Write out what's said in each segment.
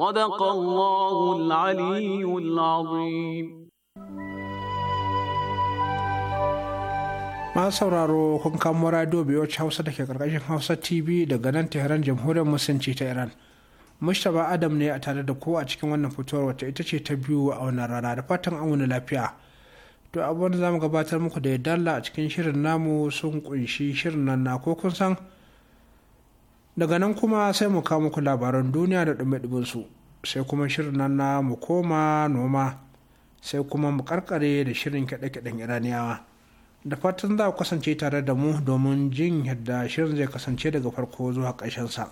صدق الله العلي العظيم masu sauraro kun kamo radio biyoci hausa da ke karkashin hausa tv daga nan tehran jamhuriyar musulunci ta iran mustapha adam ne a tare da kowa a cikin wannan fitowar wata ita ce ta biyu a wannan rana da fatan an wani lafiya to abubuwan da zamu gabatar muku da ya dalla a cikin shirin namu sun kunshi shirin nan na ko kun san daga nan kuma sai mu kawo muku labaran duniya da ɗume su sai kuma shirin nan na mu koma noma sai kuma mu karkare da shirin kyaɗe-kyaɗen iraniyawa da fatan za ku kasance tare da mu domin jin yadda shirin zai kasance daga farko zuwa sa.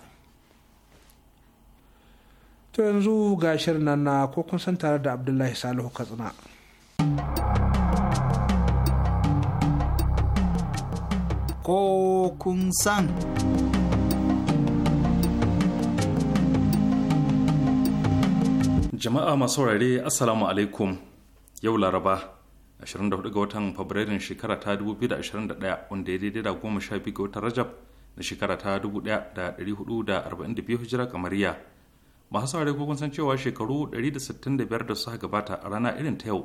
to yanzu ga shirin nan na ko kun san tare da abdullahi salihu katsina ko kun san jama'a masu saurare assalamu alaikum yau laraba 24 ga watan fabrairun shekara ta 2021 wanda ya daidai da goma sha biyu ga watan rajab na shekara ta 1442 hijira kamariya masu saurare ko san cewa shekaru 165 da suka gabata a rana irin ta yau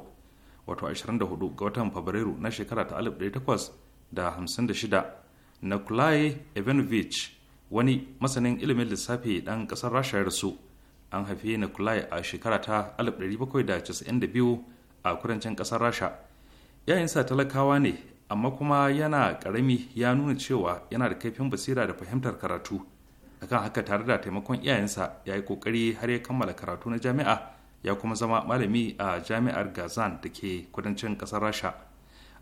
wato 24 ga watan fabrairu na shekara ta 1856 Kulaye ivanovich wani masanin ilimin lissafi dan kasar rasha ya rasu an haife nikolai a shekara ta 1792 a kudancin ƙasar rasha yayinsa talakawa ne amma kuma yana karami ya nuna cewa yana da kaifin basira da fahimtar karatu akan haka tare da taimakon iyayensa ya yi kokari har ya kammala karatu na jami'a ya kuma zama malami a jami'ar gazan da ke kudancin ƙasar rasha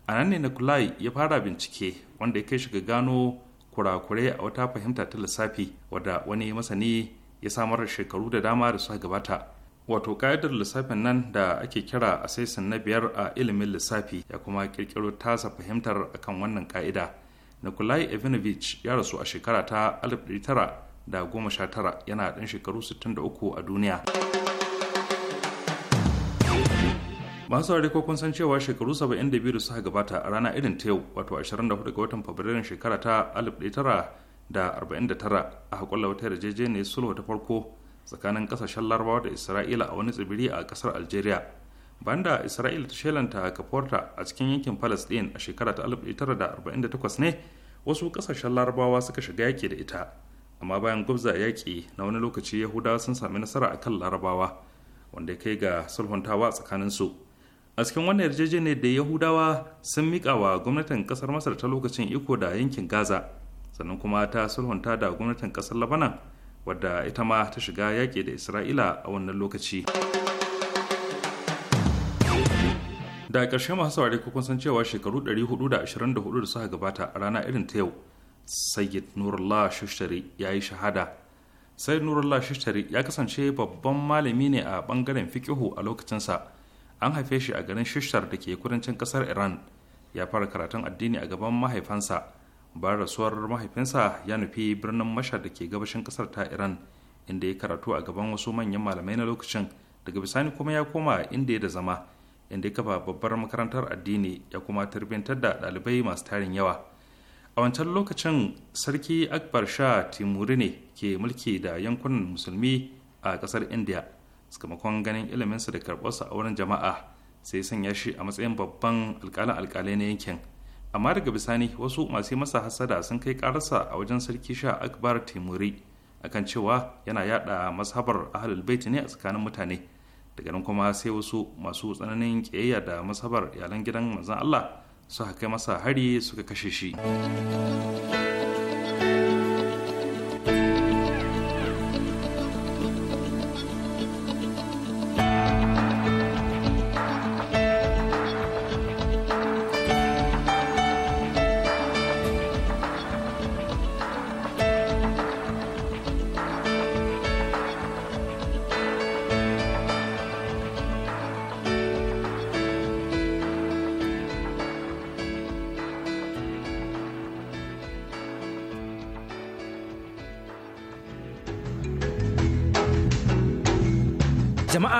a nan ne nikolai ya fara bincike wanda ya kai shiga ga gano kurakurai a wata fahimta ta lissafi wadda wani masani ya samar da shekaru da dama da suka gabata wato ka'idar lissafin nan da ake kira a saisin na biyar a ilimin lissafi ya kuma kirkiro tasa fahimtar akan wannan ka'ida nikolai evinovich ya rasu a shekara ta 1919 yana ɗan shekaru 63 a duniya masu saurari ko kun san cewa shekaru 72 da suka gabata a rana irin ta yau wato 24 ga watan fabrairun shekara ta da 49 aka kulla wata yarjejeniyar sulhu ta farko tsakanin kasashen larabawa da isra'ila a wani tsibiri a kasar algeria banda isra'ila ta shelanta kaforta a cikin yankin palestine a shekara ta 1948 ne wasu ƙasashen larabawa suka shiga yaki da ita amma bayan gwabza yaƙi na wani lokaci yahudawa sun sami nasara a kan larabawa wanda ya kai ga sulhuntawa tsakanin su a cikin wannan yarjejeniyar da yahudawa sun miƙa wa gwamnatin ƙasar masar ta lokacin iko da yankin gaza sannan kuma ta sulhunta da gwamnatin ƙasar labanan wadda ita ma ta shiga yaƙi da isra'ila a wannan lokaci da ƙarshe masu saurari kun san cewa shekaru 424 da suka gabata a rana irin ta yau sayyid nurullah shushtari ya yi shahada sayyid nurullah shushtari ya kasance babban malami ne a bangaren fikihu a lokacinsa an haife shi a garin shushtar da ke kudancin kasar iran ya fara karatun addini a gaban mahaifansa bayan rasuwar mahaifinsa ya nufi birnin mashar da ke gabashin kasar ta iran inda ya karatu a gaban wasu manyan malamai na lokacin daga bisani kuma ya koma inda ya da zama inda ya kafa babbar makarantar addini ya kuma tarbintar da ɗalibai masu tarin yawa a wancan lokacin sarki akbar sha timuri ne ke mulki da yankunan musulmi a ƙasar india sakamakon ganin iliminsa da karɓarsa a wurin jama'a sai sanya shi a matsayin babban alƙalin alƙalai na yankin amma daga bisani wasu masu masa hasada sun kai karasa a wajen sarki sha akbar timuri akan cewa yana yada mashabar ahlul bait ne a tsakanin mutane daga nan kuma sai wasu masu tsananin kiyayya da mashabar iyalan gidan manzon Allah suka kai masa hari suka kashe shi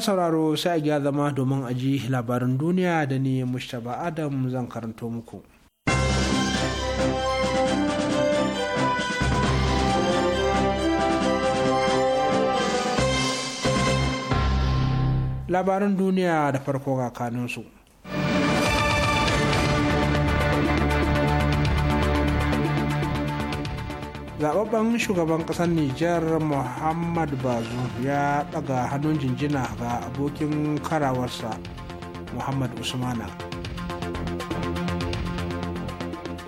sauraro sai a gya zama domin aji labarin duniya da ni mustapha adam zan karanto muku labarin duniya da farko ga kanunsu zababben shugaban kasar nijar muhammad bazu ya daga hannun jinjina ga abokin karawarsa muhammad usmana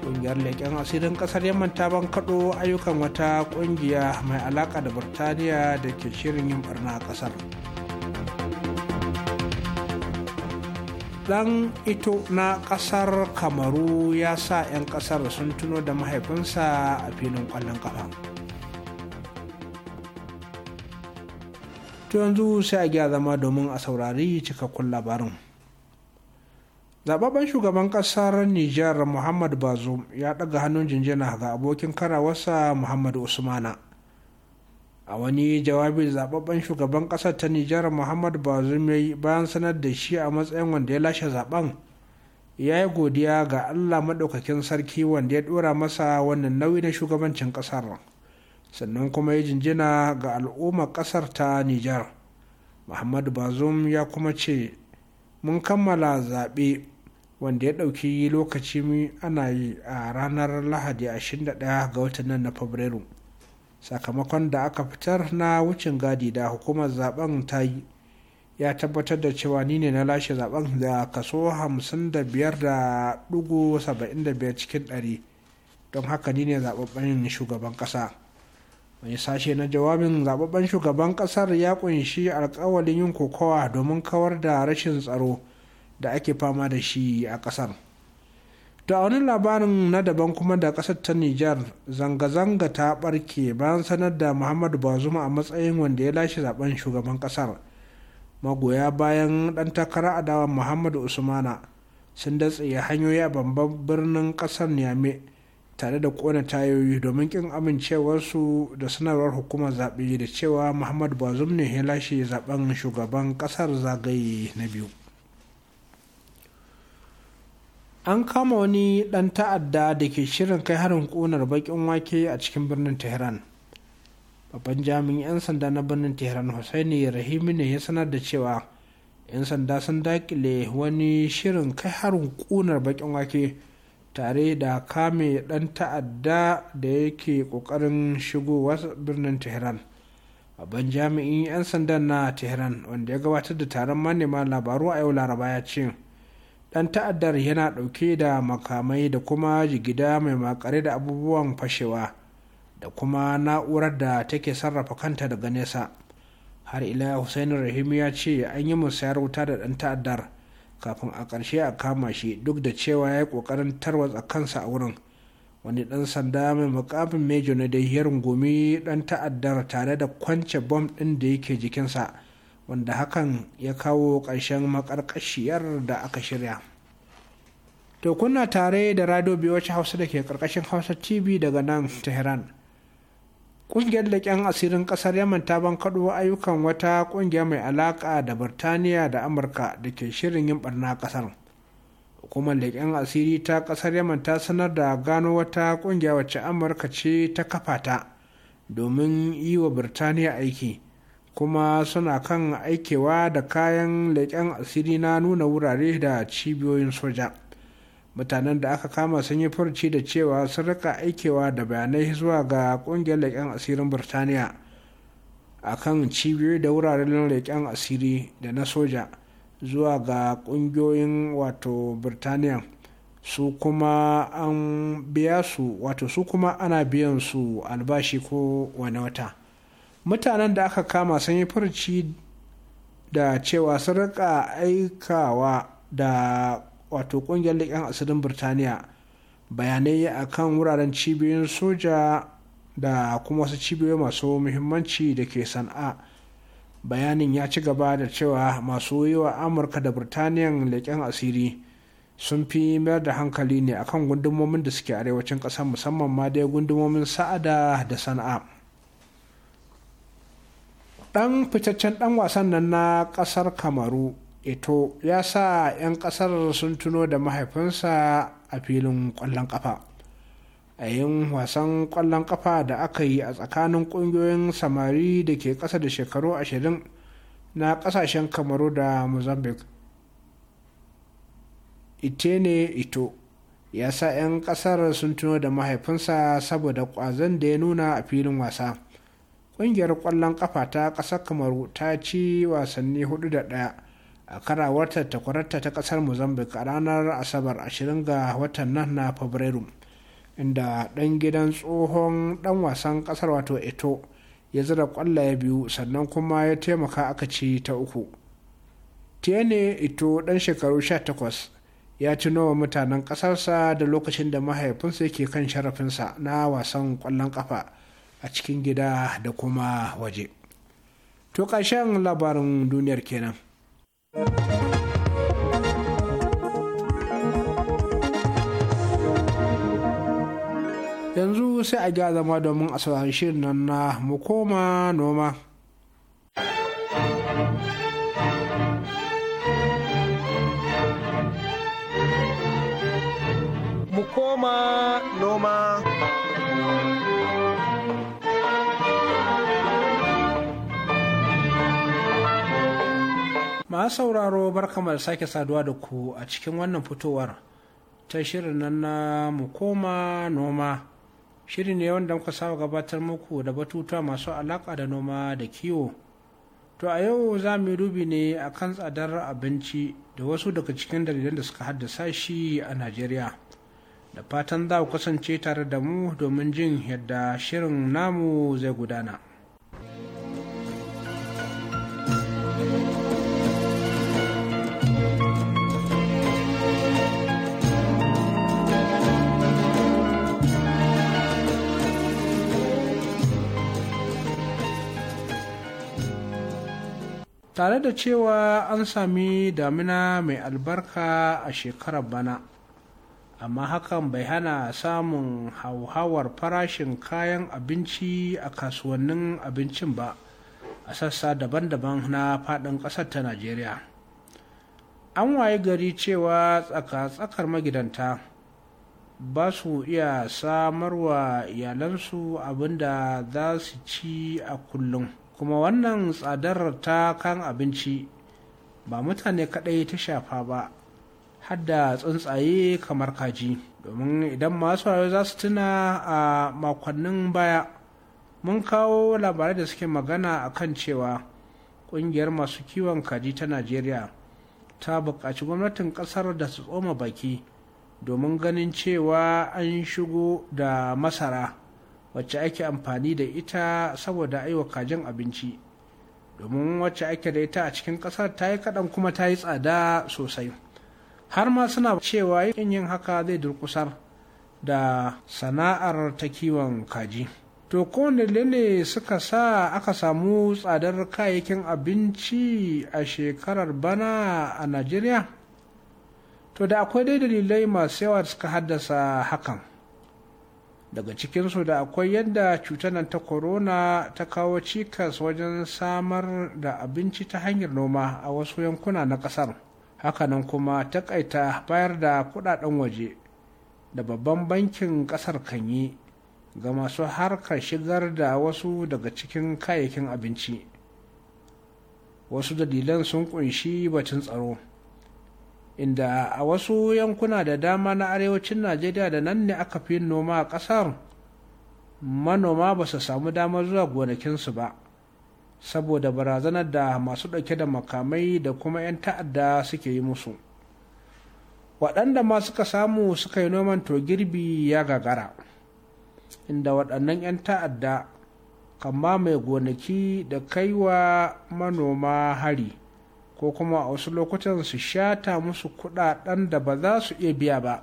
ƙungiyar leƙen asirin ƙasar yamman ta bankaɗo ayyukan wata ƙungiya mai alaƙa da burtaniya da ke shirin yin barna a ƙasar. dan ito na kasar kamaru ya sa 'yan kasar sun tuno da mahaifinsa a filin kwallon kafa to yanzu sai a gya zama domin a saurari cikakkun labarin zababen shugaban kasar nijar muhammad bazoum ya ɗaga hannun jinjina ga abokin karawarsa muhammad usmana a wani jawabi zababben shugaban ƙasar ta nijar muhammad bazoum ya yi bayan sanar da shi a matsayin wanda ya lashe zaben ya yi godiya ga allah maɗaukakin sarki wanda ya ɗora masa wannan nauyi na shugabancin ƙasar sannan kuma ya jinjina ga al'ummar ƙasar ta nijar muhammad bazoum ya kuma ce mun kammala zaɓe wanda ya ɗauki lokaci ana yi a ranar lahadi 21 ga watan nan na fabrairu sakamakon da aka fitar na wucin gadi da hukumar zaben ta yi ya tabbatar da cewa ni ne na lashe zaben da kaso 55.75 cikin 100 don haka ni ne zababben shugaban kasa mai sashe na jawabin zababben shugaban kasar ya kunshi alkawalin yin kokowa domin kawar da rashin tsaro da ake fama da shi a kasar da wani labarin na daban kuma da kasar ta Nijar zanga-zanga ta barke bayan sanar da Muhammadu Bazuma a matsayin wanda ya lashe zaben shugaban kasar. Magoya bayan ɗan takara adawa Muhammadu Usmana sun datse hanyoyi a babban birnin kasar Niame tare da kona tayoyi domin kin amincewarsu da sanarwar hukumar zaɓe da cewa Muhammadu Bazum ne ya lashe zaben shugaban kasar zagaye na biyu. an kama wani ɗan ta'adda da ke shirin kai harin ƙunar baƙin wake a cikin birnin tehran babban jami'in 'yan sanda na birnin tehran hussaini rahimi ne ya sanar da cewa 'yan sanda sun dakile wani shirin kai harin ƙunar baƙin wake tare da kame ɗan ta'adda da yake ƙoƙarin shigowa birnin tehran babban jami'in 'yan sanda na tehran wanda ya gabatar da taron manema labaru a yau laraba ya ce ɗan ta'addar yana ɗauke da makamai da kuma jigida mai makare da abubuwan fashewa da kuma na'urar da take sarrafa kanta daga nesa har ila hussain rahim ya ce an yi musayar wuta da dan ta'addar kafin a ƙarshe a kama shi duk da cewa ya yi ƙoƙarin tarwatsa kansa a wurin wani ɗan sanda mai mukamin mejo na da gumi rungumi ɗan ta'addar tare da kwance bom ɗin da yake jikinsa wanda hakan ya kawo ƙarshen maƙarƙashiyar da aka shirya to kuna tare da radio wacce hausa da ke ƙarƙashin hausa tv daga nan tehran ƙungiyar leƙen asirin ƙasar yaman ta bankaɗo ayyukan wata ƙungiya mai alaƙa da birtaniya da amurka da ke shirin yin ɓarna ƙasar hukumar leƙen asiri ta ƙasar yaman ta sanar da gano wata ƙungiya wacce amurka ce ta kafa ta domin yi wa birtaniya aiki kuma suna kan aikewa da kayan leƙen asiri na nuna wurare da cibiyoyin soja mutanen da aka kama sun yi furci da cewa sun rika aikewa da bayanai zuwa ga ƙungiyar leƙen asirin birtaniya a kan cibiyoyi da wuraren leƙen asiri da na soja zuwa ga ƙungiyoyin wato birtaniya su kuma an biya su wato su kuma ana biyan su albashi ko wani wata mutanen da aka kama sun yi furci da cewa sun rika aikawa da wato kungiyar leƙen asirin birtaniya bayanai a kan wuraren cibiyoyin soja da kuma wasu cibiyoyi masu muhimmanci da ke sana'a bayanin ya ci gaba da cewa masu yi wa amurka da birtaniya leƙen asiri sun fi mayar da hankali ne akan gundumomin da suke arewacin ƙasar musamman ma dai gundumomin sa'ada da sana'a dan fitaccen dan wasan nan na kasar kamaru ito ya sa 'yan kasar sun tuno da mahaifinsa a filin kwallon kafa a yin wasan kwallon kafa da aka yi a tsakanin kungiyoyin samari da ke kasa da shekaru ashirin na kasashen kamaru da mozambique ite ne ito ya sa 'yan kasar sun tuno da mahaifinsa saboda kwazon da ya nuna a filin wasa ƙungiyar ƙwallon ƙafa ta ƙasar kamaru ta ci wasanni hudu da ɗaya a karawarta ta takwararta ta ƙasar mozambique a ranar asabar 20 ga watan nan na fabrairu inda ɗan gidan tsohon ɗan wasan ƙasar wato eto ya zira ƙwallaye biyu sannan kuma ya taimaka aka ci ta uku tiene ito ɗan shekaru 18 ya ci nawa mutanen ƙasarsa da lokacin da mahaifinsa yake kan sharafinsa na wasan ƙwallon ƙafa a cikin gida da kuma waje to ƙarshen labarin duniyar kenan. yanzu sai a gya zama domin a saurari shirin nan na mu noma. Mu koma noma. masu sauraro bar kamar sake saduwa da ku a cikin wannan fitowar ta shirin nan na koma noma shiri ne wanda muka saba gabatar muku da batutuwa masu alaƙa da noma da kiwo to a yau za mu yi dubi ne a kan tsadar abinci da wasu daga cikin dalilan da suka haddasa shi a najeriya da fatan za ku kasance tare da mu domin jin yadda shirin namu zai gudana. tare da cewa an sami damina mai albarka a shekarar bana amma hakan bai hana samun hauhawar farashin kayan abinci a kasuwannin abincin ba a sassa daban-daban na faɗin ƙasar ta najeriya an waye gari cewa tsaka-tsakar magidanta ba su iya samarwa iyalansu abin da za su ci a kullum kuma wannan tsadar ta kan abinci ba mutane kaɗai ta shafa ba hadda tsuntsaye kamar kaji domin idan masu rayuwa za su tuna a makonnin baya mun kawo labarai da suke magana a kan cewa ƙungiyar masu kiwon kaji ta najeriya ta buƙaci gwamnatin ƙasar da su tsoma baki domin ganin cewa an shigo da masara wacce ake amfani da ita saboda aiwa kajin abinci domin wacce ake da ita a cikin ƙasar ta yi kaɗan kuma ta yi tsada sosai har ma suna cewa yin yin haka zai durkusar da sana'ar ta kiwon kaji to kowane lele suka sa aka samu tsadar kayayyakin abinci a shekarar bana a najeriya to da akwai dai dalilai masu yawa suka haddasa hakan daga cikinsu da akwai yadda cutar nan ta corona ta kawo cikas wajen samar da abinci ta hanyar noma a wasu yankuna na kasar hakanan kuma takaita bayar da kudaden waje da babban bankin kasar kan yi ga masu harkar shigar da wasu daga cikin kayayyakin abinci wasu dalilan sun kunshi batun tsaro inda a wasu yankuna da dama na arewacin najeriya da nan ne aka fi noma a ƙasar manoma ba su samu damar zuwa gonakinsu ba saboda barazanar da masu ɗauke da makamai da kuma 'yan ta'adda suke yi musu waɗanda ma suka samu suka yi noman to girbi ya gagara inda waɗannan 'yan ta'adda kama mai gonaki da kaiwa manoma hari ko kuma a wasu lokutan su shata musu kudaden da ba za su iya biya ba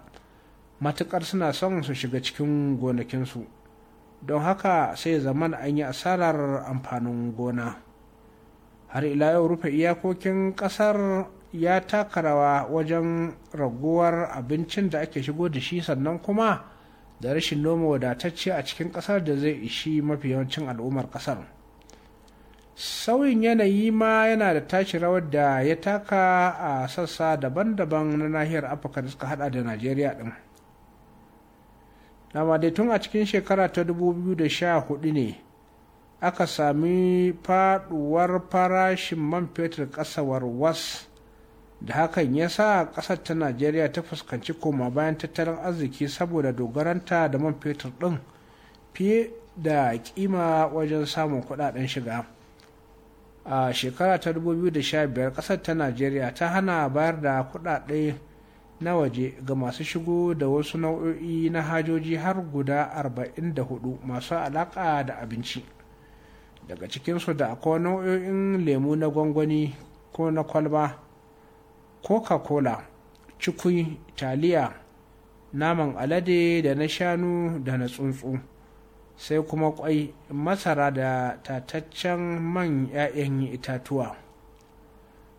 matukar suna son su shiga cikin gonakinsu don haka sai zaman an yi asarar amfanin gona har ila yau rufe iyakokin kasar ya taka rawa wajen raguwar abincin da ake shigo da shi sannan kuma da rashin noma wadatacce a cikin kasar da zai ishi mafi yawancin al'ummar kasar. sauyin yanayi ma yana da tashi rawar da ya taka a sassa daban-daban na nahiyar afirka da suka hada da najeriya din dama dai tun a cikin shekara ta 2014 ne aka sami faduwar farashin man fetur kasawar was da hakan ya sa kasar ta najeriya ta fuskanci koma bayan tattalin arziki saboda dogaranta da man fetur din fiye da kima wajen samun kudaden shiga. a shekara ta 2015 kasar ta najeriya ta hana bayar da kudade na waje ga masu shigo da wasu nau'o'i na hajoji har guda 44 masu alaka da abinci daga cikinsu da akwai nau'o'in lemu na gwangwani ko na kwalba coca-cola cikui taliya naman alade da na shanu da na tsuntsu sai kuma kwai masara da tataccen man 'ya'yan itatuwa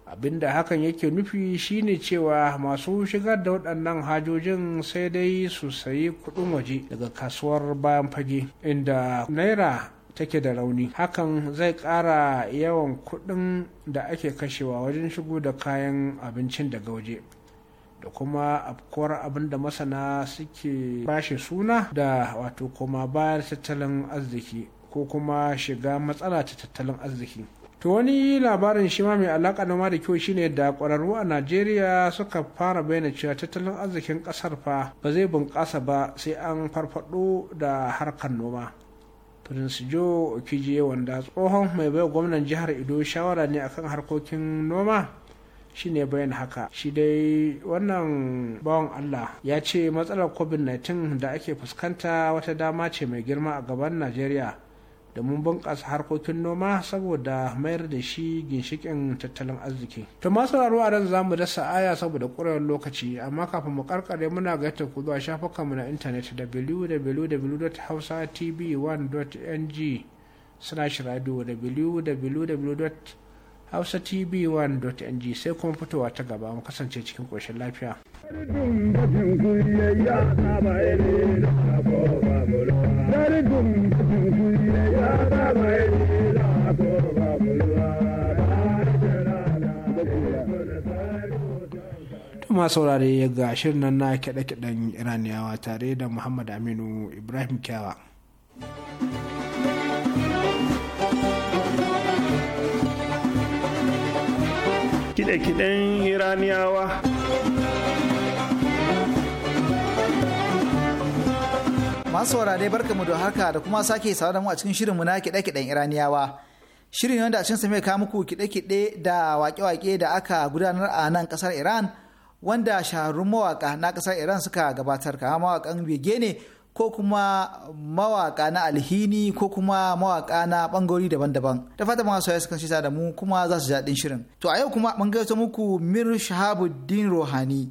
abinda hakan yake nufi shine cewa masu shigar da waɗannan hajojin sai dai su sayi kuɗin waje daga kasuwar bayan fage inda naira take da rauni hakan zai ƙara yawan kuɗin da ake kashewa wajen shigo da kayan abincin daga waje da kuma afkuwar abin da masana suke bashi suna da wato kuma bayar tattalin arziki ko kuma shiga matsala ta tattalin arziki to wani labarin shi ma mai alaƙa noma da kyau shine da ƙwararru a najeriya suka fara bayyana cewa tattalin arzikin ƙasar fa ba zai bunƙasa ba sai an farfaɗo da harkar noma prince joe okijiye wanda tsohon mai baiwa gwamnan jihar ido shawara ne akan harkokin noma shi ne bayan haka shi dai wannan bawan allah ya ce matsalar covid-19 da ake fuskanta wata dama ce mai girma a gaban najeriya da mun bunƙasa harkokin noma saboda mayar da shi ginshikin tattalin arziki. To masu raro a nan zamu dasa aya saboda ƙurar lokaci amma kafin mu karkare muna ga yadda ku zuwa shafukan mu na intanet www.hausatv1.ng slash radio www hausatv1.ng sai kuma fitowa ta gaba mu kasance cikin ƙoshin lafiya. Tuma saurare ga shirin nan na kiɗe-kiɗen Iraniyawa tare da Muhammad Aminu Ibrahim Kyawa. kiɗe-kiɗen iraniyawa masu saurare barkamu da haka da kuma sake sawa mu a cikin shirinmu na kiɗe-kiɗen iraniyawa shirin wanda a cinsa mai kawo muku kiɗe-kiɗe da wake-wake da aka gudanar a nan kasar iran wanda shaharun mawaƙa na kasar iran suka gabatar kama mawakan bege ne ko kuma mawaka na alhini ko kuma mawaka na bangarori daban-daban da fata masu ya sukan da mu kuma za su jaɗin shirin to a yau kuma bangarta muku mir shahabuddin rohani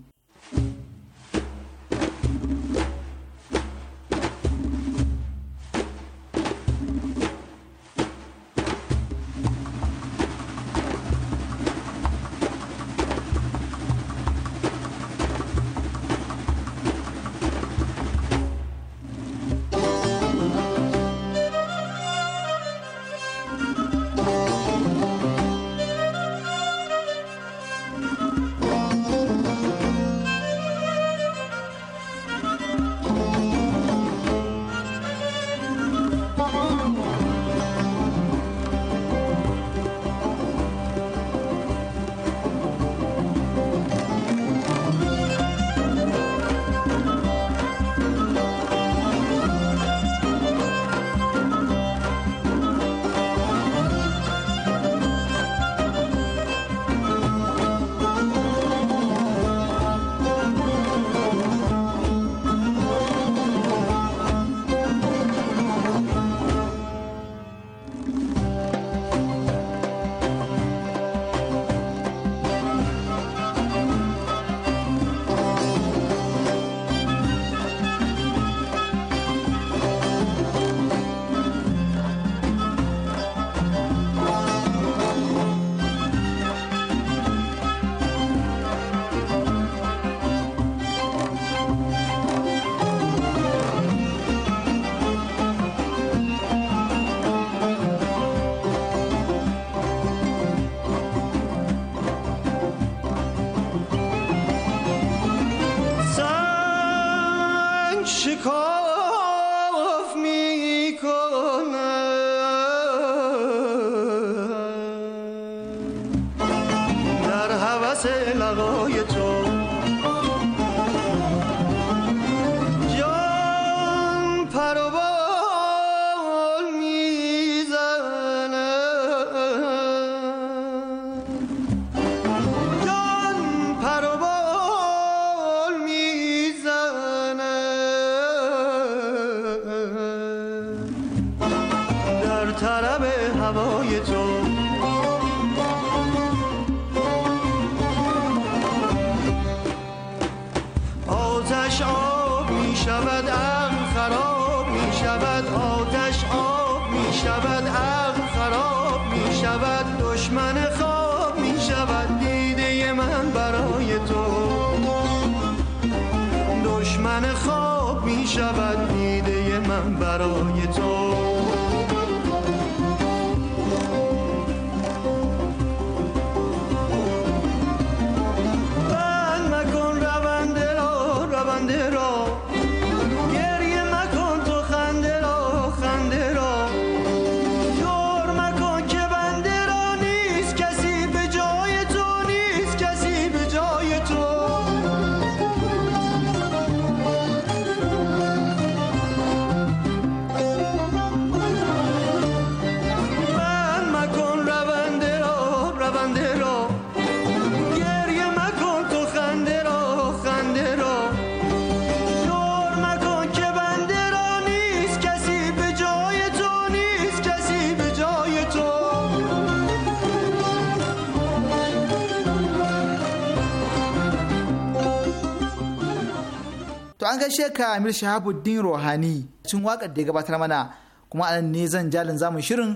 gaishe ka Amir Shahabuddin Rohani cikin waka da ya gabatar mana kuma anan ne zan jalin zamu shirin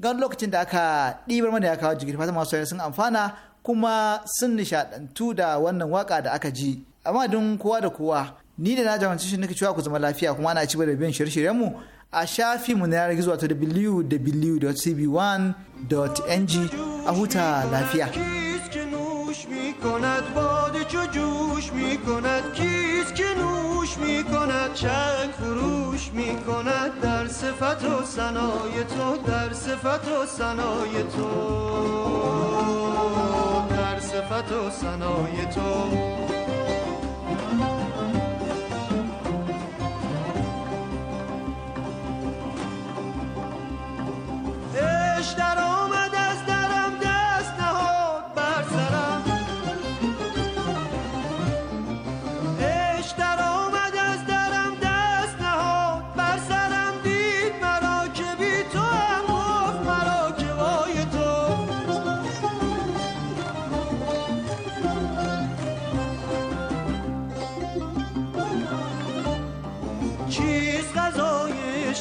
gan lokacin da aka ɗibar mana ya kawo jigiri fatan masu sun amfana kuma sun nishadantu da wannan waka da aka ji amma don kowa da kowa ni da na jamanci shi nake cewa ku zama lafiya kuma ana ci da biyan shirye-shiryen mu a shafi mu na yaragi gizo wato www.cb1.ng a huta lafiya. می کند چنگ فروش می کند در صفت و سنای تو در صفت و سنای تو در صفت و سنای تو در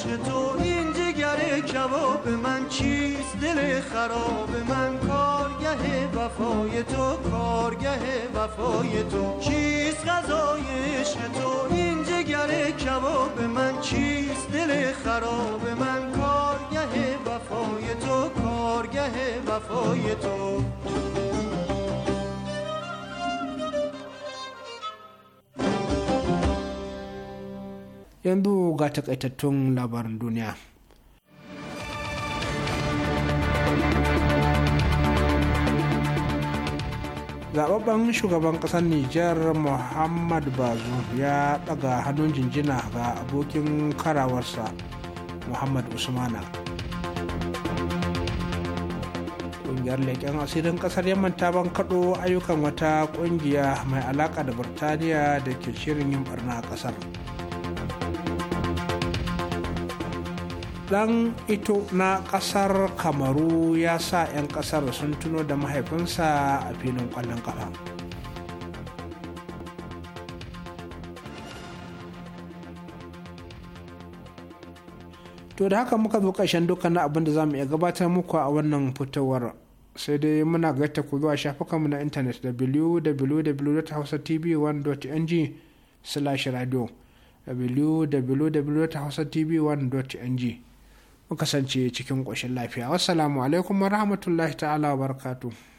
تو این جگر کباب من چیست دل خراب من کارگه وفای تو کارگه وفای تو چیست غذای عشق تو این جگر کباب من چیست دل خراب من کارگه وفای تو کارگه وفای تو yanzu ga takaitattun labarin duniya zababben shugaban kasar Nijar, muhammad Bazu ya daga hannun jinjina ga abokin karawarsa muhammad usmana Ƙungiyar leƙen asirin kasar yamman ta bankaɗo ayyukan wata ƙungiya mai alaƙa da birtaniya da ke shirin yin barna a kasar dan ito na kasar kamaru ya sa 'yan kasar sun tuno da mahaifinsa a filin kwallon kafa to da haka muka zo ƙarshen dukkanin abin da za mu iya gabatar muku a wannan fitowar sai dai muna gaita ku zuwa shafukanmu na intanet www.hausatv1.ng slash radio www.hausatv1.ng mu kasance cikin ƙoshin lafiya wassalamu alaikum wa rahmatullahi ta'ala wa barakatuh